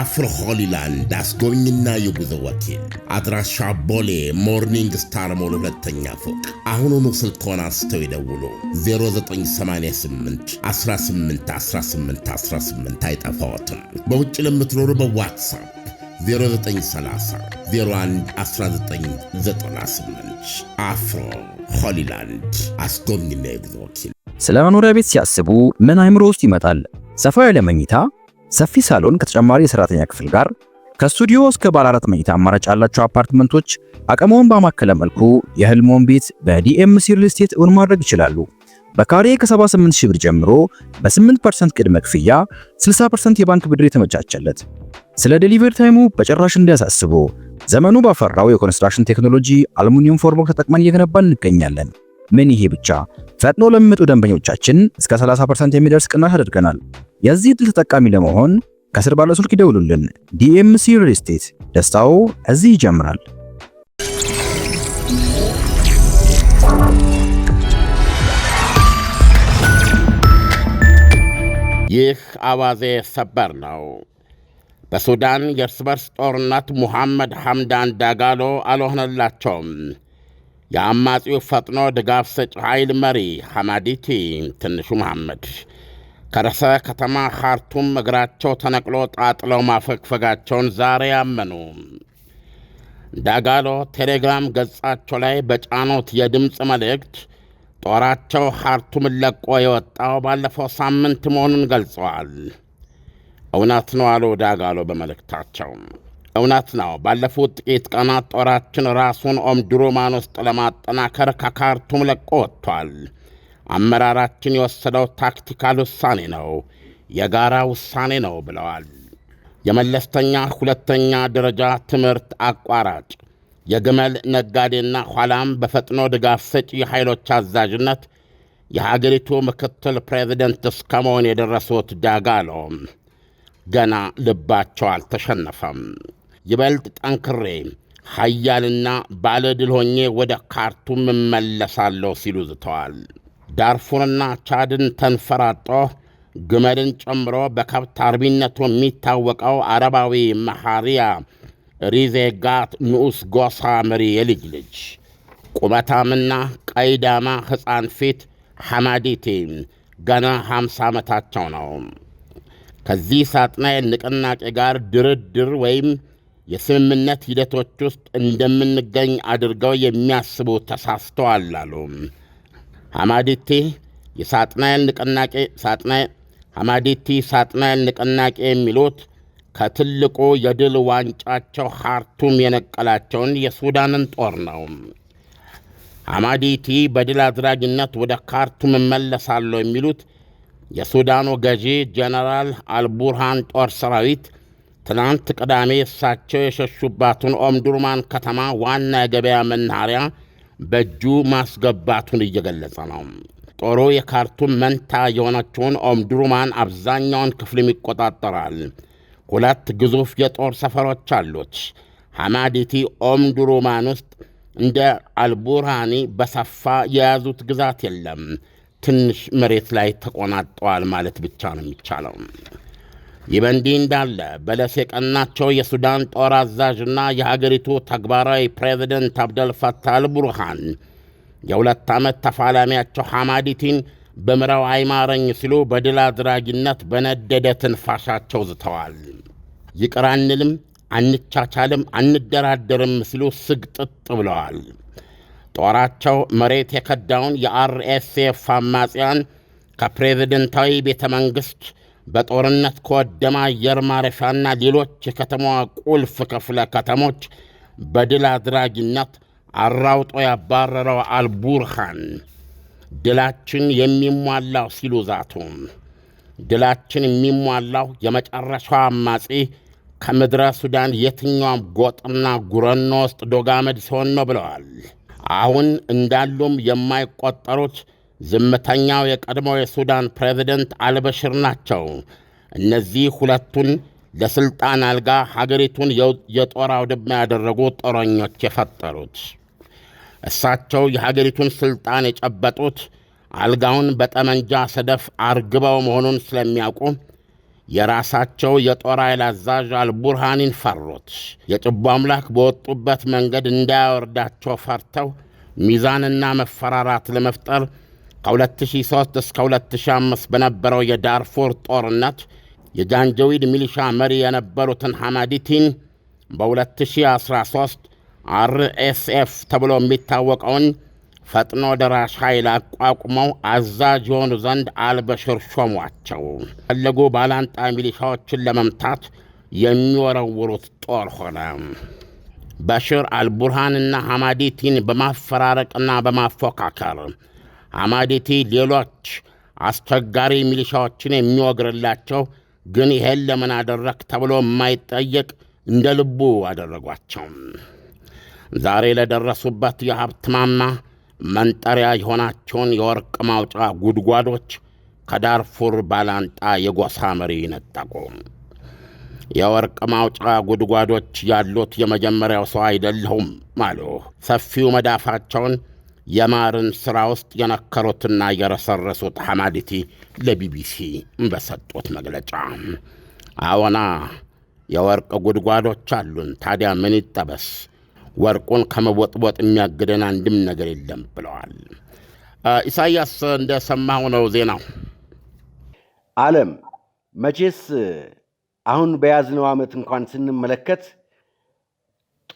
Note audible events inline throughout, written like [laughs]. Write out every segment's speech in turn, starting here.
አፍሮ ሆሊላንድ አስጎብኝና የጉዞ ወኪል አድራሻ ቦሌ ሞርኒንግ ስታር ሞል ሁለተኛ ፎቅ። አሁኑኑ ስልክዎን አንስተው ይደውሉ 0988 18 18 አይጠፋዎትም። በውጭ ለምትኖሩ በዋትሳፕ 0930 01 1998 አፍሮ ሆሊላንድ አስጎብኝና የጉዞ ወኪል። ስለ መኖሪያ ቤት ሲያስቡ ምን አይምሮ ውስጥ ይመጣል? ሰፋ ያለ መኝታ ሰፊ ሳሎን ከተጨማሪ የሰራተኛ ክፍል ጋር ከስቱዲዮ እስከ ባለ አራት መኝታ አማራጭ ያላቸው አፓርትመንቶች አቅመውን ባማከለ መልኩ የህልሞን ቤት በዲኤምሲ ሪል ስቴት እውን ማድረግ ይችላሉ። በካሬ ከ78 ሺህ ብር ጀምሮ በ8% ቅድመ ክፍያ 60% የባንክ ብድር የተመቻቸለት። ስለ ዴሊቨሪ ታይሙ በጭራሽ እንዲያሳስቡ ዘመኑ ባፈራው የኮንስትራክሽን ቴክኖሎጂ አልሙኒየም ፎርሞክ ተጠቅመን እየገነባን እንገኛለን። ምን ይሄ ብቻ! ፈጥኖ ለሚመጡ ደንበኞቻችን እስከ 30% የሚደርስ ቅናሽ አድርገናል። የዚህ ዕድል ተጠቃሚ ለመሆን ከስር ባለው ስልክ ይደውሉልን። ዲኤምሲ ሪል ስቴት ደስታው እዚህ ይጀምራል። ይህ አዋዜ ሰበር ነው። በሱዳን የእርስ በርስ ጦርነት ሙሐመድ ሐምዳን ዳጋሎ አልሆነላቸውም። የአማጺው ፈጥኖ ድጋፍ ሰጪ ኃይል መሪ ሐማዲቲ ትንሹ መሐመድ ከርዕሰ ከተማ ካርቱም እግራቸው ተነቅሎ ጣጥለው ማፈግፈጋቸውን ዛሬ አመኑ። ዳጋሎ ቴሌግራም ገጻቸው ላይ በጫኖት የድምፅ መልእክት ጦራቸው ካርቱምን ለቆ የወጣው ባለፈው ሳምንት መሆኑን ገልጸዋል። እውነት ነው አሉ ዳጋሎ በመልእክታቸው። እውነት ነው። ባለፉት ጥቂት ቀናት ጦራችን ራሱን ኦምድሩማን ውስጥ ለማጠናከር ከካርቱም ለቆ ወጥቷል። አመራራችን የወሰደው ታክቲካል ውሳኔ ነው፣ የጋራ ውሳኔ ነው ብለዋል። የመለስተኛ ሁለተኛ ደረጃ ትምህርት አቋራጭ የግመል ነጋዴና ኋላም በፈጥኖ ድጋፍ ሰጪ ኃይሎች አዛዥነት የሀገሪቱ ምክትል ፕሬዚደንት መሆን የደረሱት ጃጋሎ ገና ልባቸው አልተሸነፈም። ይበልጥ ጠንክሬ ኃያልና ባለድል ሆኜ ወደ ካርቱም እመለሳለሁ ሲሉ ዝተዋል። ዳርፉርና ቻድን ተንፈራጦ ግመልን ጨምሮ በከብት አርቢነቱ የሚታወቀው አረባዊ መሐሪያ ሪዜጋት ንዑስ ጎሳ መሪ የልጅ ልጅ ቁመታምና ቀይ ዳማ ሕፃን ፊት ሐማዲቲ ገና ሃምሳ ዓመታቸው ነው። ከዚህ ሳጥናኤል ንቅናቄ ጋር ድርድር ወይም የስምምነት ሂደቶች ውስጥ እንደምንገኝ አድርገው የሚያስቡ ተሳስተዋል አሉ። ሐማዲቲ የሳጥናኤል ንቅናቄ ሐማዲቲ ሳጥናኤል ንቅናቄ የሚሉት ከትልቁ የድል ዋንጫቸው ሐርቱም የነቀላቸውን የሱዳንን ጦር ነው። ሐማዲቲ በድል አድራጊነት ወደ ካርቱም እመለሳለሁ የሚሉት የሱዳኑ ገዢ ጀነራል አልቡርሃን ጦር ሰራዊት ትናንት ቅዳሜ እሳቸው የሸሹባትን ኦምዱርማን ከተማ ዋና የገበያ መናኸሪያ በእጁ ማስገባቱን እየገለጸ ነው። ጦሩ የካርቱም መንታ የሆነችውን ኦምዱሩማን አብዛኛውን ክፍልም ይቆጣጠራል። ሁለት ግዙፍ የጦር ሰፈሮች አሉት። ሐማዲቲ ኦምዱሩማን ውስጥ እንደ አልቡርሃኒ በሰፋ የያዙት ግዛት የለም። ትንሽ መሬት ላይ ተቆናጠዋል ማለት ብቻ ነው የሚቻለው። ይህ በእንዲህ እንዳለ በለስ የቀናቸው የሱዳን ጦር አዛዥና የሀገሪቱ ተግባራዊ ፕሬዚደንት አብደልፈታ አልቡርሃን የሁለት ዓመት ተፋላሚያቸው ሐማዲቲን በምረው አይማረኝ ሲሉ በድል አድራጊነት በነደደ ትንፋሻቸው ዝተዋል። ይቅር አንልም፣ አንቻቻልም፣ አንደራደርም ሲሉ ስግጥጥ ብለዋል። ጦራቸው መሬት የከዳውን የአርኤስኤፍ አማጽያን ከፕሬዝደንታዊ ቤተ መንግሥት በጦርነት ከወደማ አየር ማረፊያና ሌሎች የከተማዋ ቁልፍ ክፍለ ከተሞች በድል አድራጊነት አራውጦ ያባረረው አልቡርሃን ድላችን የሚሟላው ሲሉ ዛቱ። ድላችን የሚሟላው የመጨረሻው አማጺ ከምድረ ሱዳን የትኛውም ጎጥና ጉረኖ ውስጥ ዶጋመድ ሲሆን ነው ብለዋል። አሁን እንዳሉም የማይቆጠሩት ዝምተኛው የቀድሞው የሱዳን ፕሬዝደንት አልበሽር ናቸው። እነዚህ ሁለቱን ለሥልጣን አልጋ ሀገሪቱን የጦር አውድማ ያደረጉ ጦረኞች የፈጠሩት እሳቸው የሀገሪቱን ሥልጣን የጨበጡት አልጋውን በጠመንጃ ሰደፍ አርግበው መሆኑን ስለሚያውቁ የራሳቸው የጦር ኃይል አዛዥ አልቡርሃኒን ፈሩት። የጭቦ አምላክ በወጡበት መንገድ እንዳያወርዳቸው ፈርተው ሚዛንና መፈራራት ለመፍጠር ከ2003 እስከ 2005 በነበረው የዳርፉር ጦርነት የጃንጀዊድ ሚሊሻ መሪ የነበሩትን ሐማዲቲን በ2013 አርኤስኤፍ ተብሎ የሚታወቀውን ፈጥኖ ደራሽ ኃይል አቋቁመው አዛዥ የሆኑ ዘንድ አልበሽር ሾሟቸው። ፈለጉ ባላንጣ ሚሊሻዎችን ለመምታት የሚወረውሩት ጦር ሆነ። በሽር አልቡርሃንና ሐማዲቲን በማፈራረቅና በማፎካከር አማዴቴ ሌሎች አስቸጋሪ ሚሊሻዎችን የሚወግርላቸው ግን ይሄን ለምን አደረግ ተብሎ የማይጠየቅ እንደ ልቡ አደረጓቸው። ዛሬ ለደረሱበት የሀብት ማማ መንጠሪያ የሆናቸውን የወርቅ ማውጫ ጉድጓዶች ከዳርፉር ባላንጣ የጎሳ መሪ ነጠቁ። የወርቅ ማውጫ ጉድጓዶች ያሉት የመጀመሪያው ሰው አይደለሁም አሉ። ሰፊው መዳፋቸውን የማርን ሥራ ውስጥ የነከሩትና የረሰረሱት ሐማዲቲ ለቢቢሲ በሰጡት መግለጫ አዎና የወርቅ ጉድጓዶች አሉን፣ ታዲያ ምን ይጠበስ? ወርቁን ከመቦጥቦጥ የሚያግደን አንድም ነገር የለም ብለዋል። ኢሳያስ እንደሰማው ነው ዜናው። ዓለም መቼስ አሁን በያዝነው ዓመት እንኳን ስንመለከት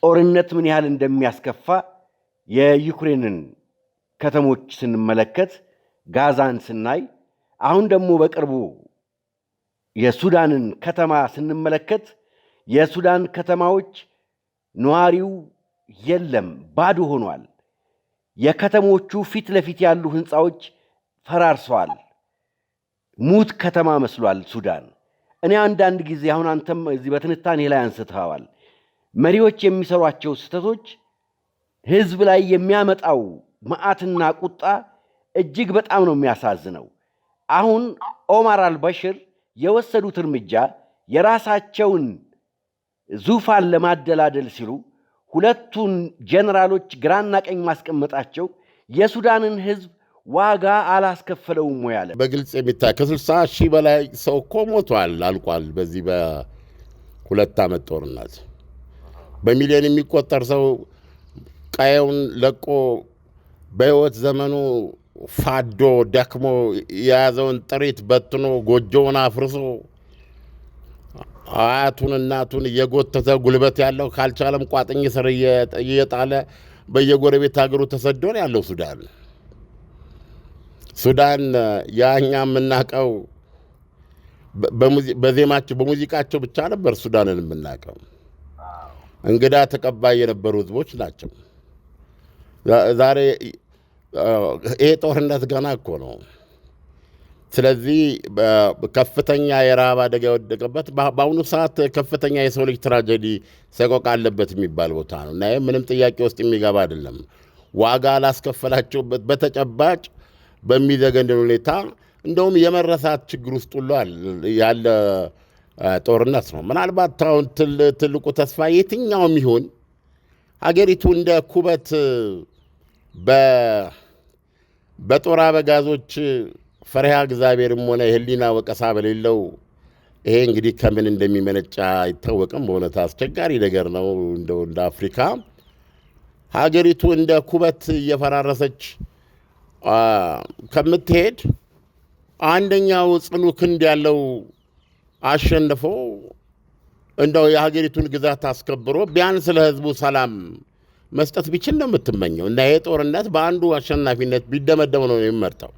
ጦርነት ምን ያህል እንደሚያስከፋ የዩክሬንን ከተሞች ስንመለከት ጋዛን ስናይ አሁን ደግሞ በቅርቡ የሱዳንን ከተማ ስንመለከት የሱዳን ከተማዎች ነዋሪው የለም፣ ባዶ ሆኗል። የከተሞቹ ፊት ለፊት ያሉ ህንፃዎች ፈራርሰዋል። ሙት ከተማ መስሏል ሱዳን። እኔ አንዳንድ ጊዜ አሁን አንተም እዚህ በትንታኔ ላይ አንስተዋል መሪዎች የሚሰሯቸው ስህተቶች ህዝብ ላይ የሚያመጣው መዓትና ቁጣ እጅግ በጣም ነው የሚያሳዝነው። አሁን ኦማር አልበሽር የወሰዱት እርምጃ የራሳቸውን ዙፋን ለማደላደል ሲሉ ሁለቱን ጀነራሎች ግራና ቀኝ ማስቀመጣቸው የሱዳንን ህዝብ ዋጋ አላስከፈለውም ወይ አለ። በግልጽ የሚታይ ከስልሳ ሺህ በላይ ሰው እኮ ሞቷል፣ አልቋል። በዚህ በሁለት ዓመት ጦርነት በሚሊዮን የሚቆጠር ሰው ቀየውን ለቆ በሕይወት ዘመኑ ፋዶ ደክሞ የያዘውን ጥሪት በትኖ ጎጆውን አፍርሶ አያቱን እናቱን እየጎተተ ጉልበት ያለው ካልቻለም ቋጥኝ ስር እየጣለ በየጎረቤት ሀገሩ ተሰዶ ነው ያለው። ሱዳን ሱዳን ያኛ የምናቀው በዜማቸው በሙዚቃቸው ብቻ ነበር ሱዳንን የምናቀው። እንግዳ ተቀባይ የነበሩ ህዝቦች ናቸው። ዛሬ ይሄ ጦርነት ገና እኮ ነው። ስለዚህ ከፍተኛ የረሃብ አደጋ የወደቀበት በአሁኑ ሰዓት ከፍተኛ የሰው ልጅ ትራጀዲ ሰቆቃ አለበት የሚባል ቦታ ነው እና ይህ ምንም ጥያቄ ውስጥ የሚገባ አይደለም። ዋጋ ላስከፈላቸውበት በተጨባጭ በሚዘገን ሁኔታ እንደውም የመረሳት ችግር ውስጥ ሁሉ ያለ ጦርነት ነው። ምናልባት አሁን ትልቁ ተስፋ የትኛውም ይሁን ሀገሪቱ እንደ ኩበት በጦር አበጋዞች ፈሪሃ እግዚአብሔርም ሆነ የህሊና ወቀሳ በሌለው ይሄ እንግዲህ ከምን እንደሚመነጫ አይታወቅም። በእውነት አስቸጋሪ ነገር ነው። እንደው እንደ አፍሪካ ሀገሪቱ እንደ ኩበት እየፈራረሰች ከምትሄድ አንደኛው ጽኑ ክንድ ያለው አሸንፎ እንደው የሀገሪቱን ግዛት አስከብሮ ቢያንስ ለህዝቡ ሰላም መስጠት ቢችል ነው የምትመኘው። እና ይሄ ጦርነት በአንዱ አሸናፊነት ቢደመደም ነው የሚመርጠው።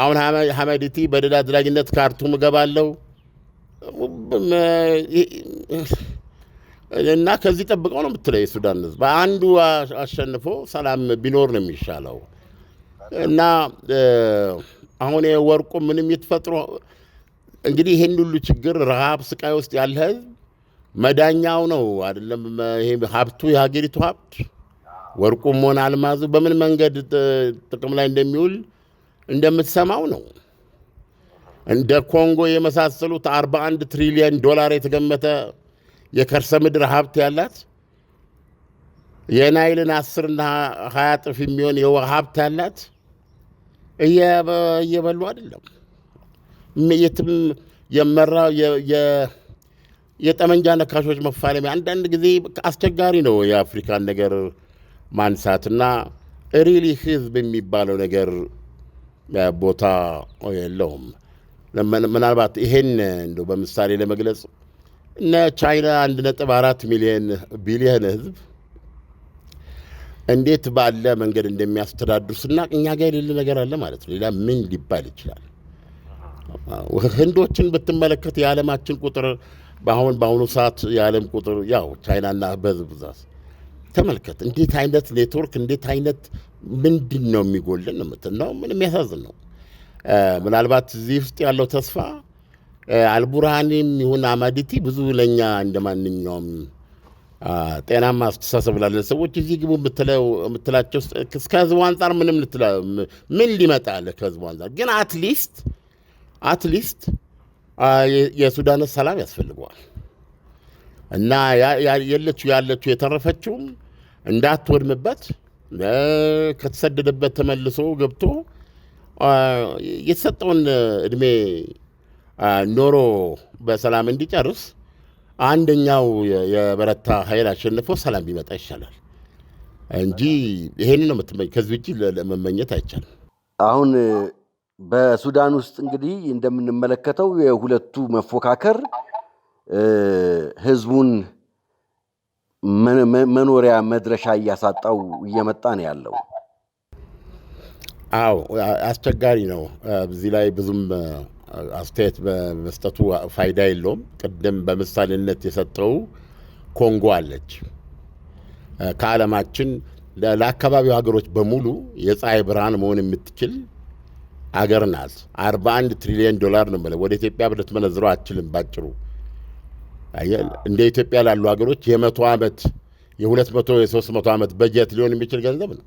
አሁን ሀመዲቲ በድል አድራጊነት ካርቱም እገባለሁ እና ከዚህ ጠብቀው ነው የምትለው የሱዳን ህዝብ። በአንዱ አሸንፎ ሰላም ቢኖር ነው የሚሻለው። እና አሁን የወርቁ ምንም የተፈጥሮ እንግዲህ ይህን ሁሉ ችግር ረሃብ፣ ስቃይ ውስጥ ያለ ህዝብ መዳኛው ነው አይደለም። ሀብቱ የሀገሪቱ ሀብት ወርቁም ሆነ አልማዙ በምን መንገድ ጥቅም ላይ እንደሚውል እንደምትሰማው ነው። እንደ ኮንጎ የመሳሰሉት 41 ትሪሊየን ዶላር የተገመተ የከርሰ ምድር ሀብት ያላት የናይልን አስርና ሀያ ጥፍ የሚሆን የውሃ ሀብት ያላት እየበሉ አይደለም የትም የመራው የጠመንጃ ነካሾች መፋለሚ አንዳንድ ጊዜ አስቸጋሪ ነው የአፍሪካን ነገር እና ሪሊ ህዝብ የሚባለው ነገር ቦታ የለውም። ምናልባት ይሄን እንደው በምሳሌ ለመግለጽ እነ ቻይና አንድ ነጥብ አራት ሚሊዮን ቢሊየን ህዝብ እንዴት ባለ መንገድ እንደሚያስተዳድሩ ስናቅ እኛ ጋር የሌለ ነገር አለ ማለት ነው። ሌላ ምን ሊባል ይችላል? ህንዶችን ብትመለከት የዓለማችን ቁጥር በአሁን በአሁኑ ሰዓት የዓለም ቁጥር ያው ቻይናና በህዝብ ብዛት ተመልከት። እንዴት አይነት ኔትወርክ እንዴት አይነት ምንድን ነው የሚጎልን ምትን ነው ምን የሚያሳዝን ነው። ምናልባት እዚህ ውስጥ ያለው ተስፋ አልቡርሃኒም ይሁን አማዲቲ ብዙ ለእኛ እንደ ማንኛውም ጤናማ አስተሳሰብ ላለን ሰዎች እዚህ ግቡ የምትላቸው ህዝቡ አንጻር ምንም ምን ሊመጣ ያለ ከህዝቡ አንጻር ግን አትሊስት አትሊስት የሱዳን ሰላም ያስፈልገዋል እና የለችው ያለችው የተረፈችውም እንዳትወድምበት ከተሰደደበት ተመልሶ ገብቶ የተሰጠውን እድሜ ኖሮ በሰላም እንዲጨርስ አንደኛው የበረታ ኃይል አሸንፎ ሰላም ቢመጣ ይሻላል እንጂ ይሄን ነው ከዚህ ውጭ ለመመኘት አይቻልም አሁን በሱዳን ውስጥ እንግዲህ እንደምንመለከተው የሁለቱ መፎካከር ህዝቡን መኖሪያ መድረሻ እያሳጣው እየመጣ ነው ያለው። አዎ አስቸጋሪ ነው። እዚህ ላይ ብዙም አስተያየት በመስጠቱ ፋይዳ የለውም። ቅድም በምሳሌነት የሰጠው ኮንጎ አለች። ከዓለማችን ለአካባቢው ሀገሮች በሙሉ የፀሐይ ብርሃን መሆን የምትችል አገር ናት። 41 ትሪሊዮን ዶላር ነው የምልህ። ወደ ኢትዮጵያ ብር ልትመነዝረው አትችልም። ባጭሩ እንደ ኢትዮጵያ ላሉ ሀገሮች የመቶ ዓመት የሁለት መቶ የሶስት መቶ ዓመት በጀት ሊሆን የሚችል ገንዘብ ነው።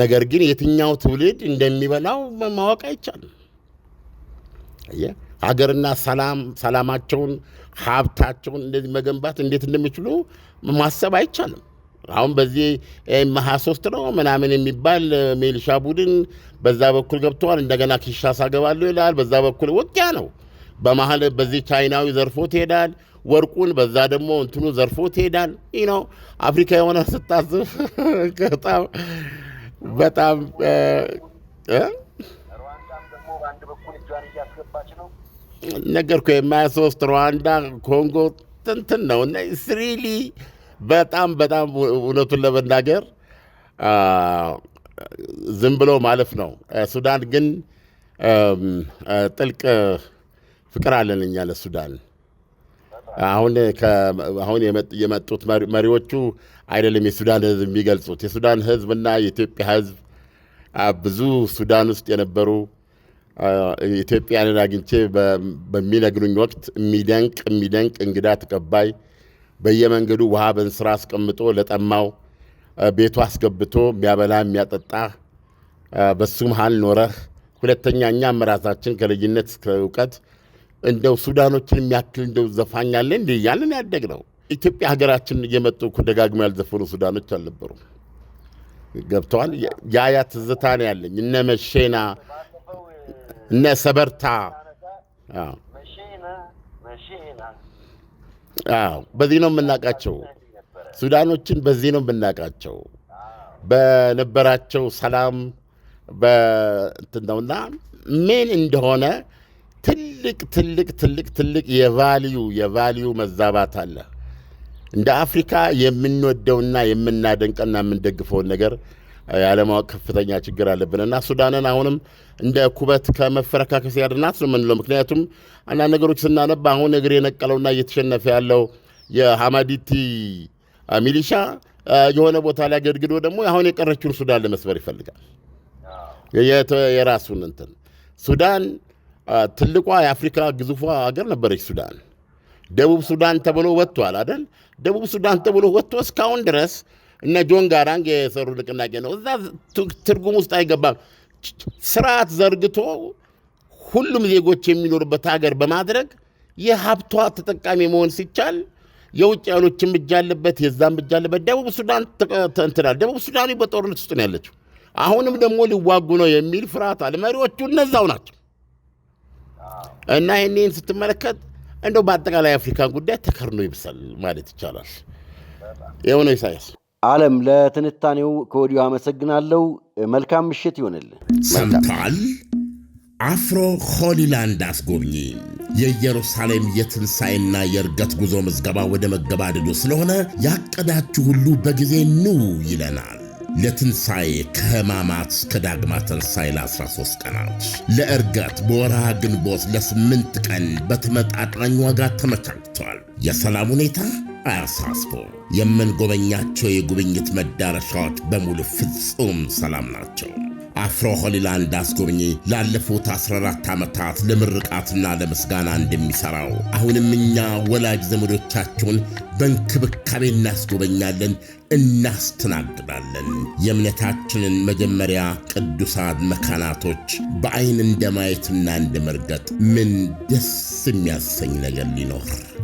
ነገር ግን የትኛው ትውልድ እንደሚበላው ማወቅ አይቻልም። ሀገርና ሰላም ሰላማቸውን ሀብታቸውን እንደዚህ መገንባት እንዴት እንደሚችሉ ማሰብ አይቻልም። አሁን በዚህ መሀ ሶስት ነው ምናምን የሚባል ሜልሻ ቡድን በዛ በኩል ገብተዋል። እንደገና ኪንሻሳ ገባሉ ይላል። በዛ በኩል ውጊያ ነው። በመሀል በዚህ ቻይናዊ ዘርፎ ትሄዳል ወርቁን፣ በዛ ደግሞ እንትኑ ዘርፎ ትሄዳል። ይህ ነው አፍሪካ የሆነ ስታስብ [laughs] በጣም በጣም ነገርኩ። የማያ ሶስት ሩዋንዳ ኮንጎ ትንትን ነው ስሪሊ በጣም በጣም እውነቱን ለመናገር ዝም ብሎ ማለፍ ነው። ሱዳን ግን ጥልቅ ፍቅር አለን እኛ ለሱዳን። አሁን አሁን የመጡት መሪዎቹ አይደለም የሱዳን ህዝብ የሚገልጹት የሱዳን ሕዝብና የኢትዮጵያ ህዝብ ብዙ ሱዳን ውስጥ የነበሩ ኢትዮጵያንን አግኝቼ በሚነግሩኝ ወቅት የሚደንቅ የሚደንቅ እንግዳ ተቀባይ በየመንገዱ ውሃ በእንስራ አስቀምጦ ለጠማው ቤቱ አስገብቶ የሚያበላ የሚያጠጣ በሱ መሃል ኖረህ። ሁለተኛ እኛም ራሳችን ከልጅነት እስከ እውቀት እንደው ሱዳኖችን የሚያክል እንደው ዘፋኝ እንዲ እንዲህ ያደግ ነው። ኢትዮጵያ ሀገራችን እየመጡ እኮ ደጋግሞ ያልዘፈኑ ሱዳኖች አልነበሩም። ገብተዋል። ያያ ትዝታ ነው ያለኝ። እነ መሼና እነ ሰበርታ በዚህ ነው የምናውቃቸው። ሱዳኖችን በዚህ ነው የምናውቃቸው። በነበራቸው ሰላም በእንትን ነውና ምን እንደሆነ ትልቅ ትልቅ ትልቅ ትልቅ የቫልዩ የቫልዩ መዛባት አለ። እንደ አፍሪካ የምንወደውና የምናደንቀና የምንደግፈውን ነገር ያለማወቅ ከፍተኛ ችግር አለብን እና ሱዳንን አሁንም እንደ ኩበት ከመፈረካከስ ያድናት ነው የምንለው። ምክንያቱም አንዳንድ ነገሮች ስናነባ አሁን እግር የነቀለውና እየተሸነፈ ያለው የሐማዲቲ ሚሊሻ የሆነ ቦታ ላይ ገድግዶ ደግሞ አሁን የቀረችውን ሱዳን ለመስበር ይፈልጋል። የራሱን እንትን ሱዳን ትልቋ የአፍሪካ ግዙፏ ሀገር ነበረች ሱዳን። ደቡብ ሱዳን ተብሎ ወጥቷል አደል? ደቡብ ሱዳን ተብሎ ወጥቶ እስካሁን ድረስ እነ ጆን ጋራንግ የሰሩ ንቅናቄ ነው። እዛ ትርጉም ውስጥ አይገባም። ስርዓት ዘርግቶ ሁሉም ዜጎች የሚኖሩበት ሀገር በማድረግ የሀብቷ ተጠቃሚ መሆን ሲቻል የውጭ ኃይሎችም እጅ አለበት፣ የዛም እጅ አለበት። ደቡብ ሱዳን እንትናል። ደቡብ ሱዳን በጦርነት ውስጥ ነው ያለችው። አሁንም ደግሞ ሊዋጉ ነው የሚል ፍርሃት አለ። መሪዎቹ እነዛው ናቸው እና ይህንን ስትመለከት እንደው በአጠቃላይ አፍሪካን ጉዳይ ተከርኖ ይብሳል ማለት ይቻላል። የሆነ ኢሳያስ አለም ለትንታኔው ከወዲሁ አመሰግናለሁ። መልካም ምሽት ይሆንልን። ሰምተዋል። አፍሮ ሆሊላንድ አስጎብኚ የኢየሩሳሌም የትንሣኤና የእርገት ጉዞ ምዝገባ ወደ መገባደዱ ስለሆነ ያቀዳችሁ ሁሉ በጊዜ ኑ ይለናል። ለትንሣኤ ከህማማት እስከ ዳግማ ትንሣኤ ለ13 ቀናት፣ ለእርገት በወርሃ ግንቦት ለ8 ቀን በተመጣጣኝ ዋጋ ተመቻችቷል። የሰላም ሁኔታ አያሳስቡ። የምንጎበኛቸው የጉብኝት መዳረሻዎች በሙሉ ፍጹም ሰላም ናቸው። አፍሮ ሆሊላንድ አስጎብኚ ላለፉት 14 ዓመታት ለምርቃትና ለምስጋና እንደሚሠራው አሁንም እኛ ወላጅ ዘመዶቻችሁን በእንክብካቤ እናስጎበኛለን፣ እናስተናግዳለን። የእምነታችንን መጀመሪያ ቅዱሳት መካናቶች በዐይን እንደ ማየትና እንደ መርገጥ ምን ደስ የሚያሰኝ ነገር ሊኖር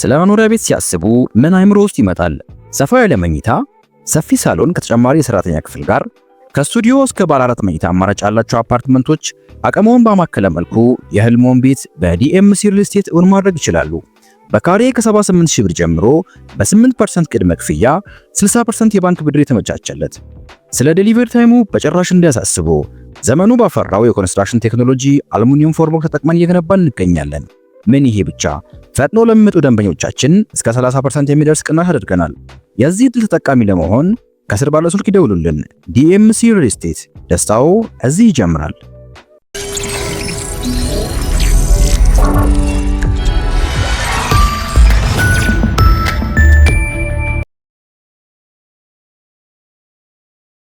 ስለ መኖሪያ ቤት ሲያስቡ ምን አይምሮ ውስጥ ይመጣል? ሰፋ ያለ መኝታ፣ ሰፊ ሳሎን ከተጨማሪ የሰራተኛ ክፍል ጋር ከስቱዲዮ እስከ ባለ አራት መኝታ አማራጭ ያላቸው አፓርትመንቶች አቅመውን ባማከለ መልኩ የህልሞን ቤት በዲኤምሲ ሪል ስቴት እውን ማድረግ ይችላሉ። በካሬ ከ78 ሺህ ብር ጀምሮ በ8% ቅድመ ክፍያ 60% የባንክ ብድር የተመቻቸለት። ስለ ዴሊቨሪ ታይሙ በጭራሽ እንዲያሳስቡ ዘመኑ ባፈራው የኮንስትራክሽን ቴክኖሎጂ አልሙኒየም ፎርሞክ ተጠቅመን እየገነባን እንገኛለን። ምን ይሄ ብቻ! ፈጥኖ ለሚመጡ ደንበኞቻችን እስከ 30% የሚደርስ ቅናሽ አድርገናል። የዚህ ዕድል ተጠቃሚ ለመሆን ከስር ባለው ስልክ ይደውሉልን። ዲኤምሲ ሪል ስቴት ደስታው እዚህ ይጀምራል።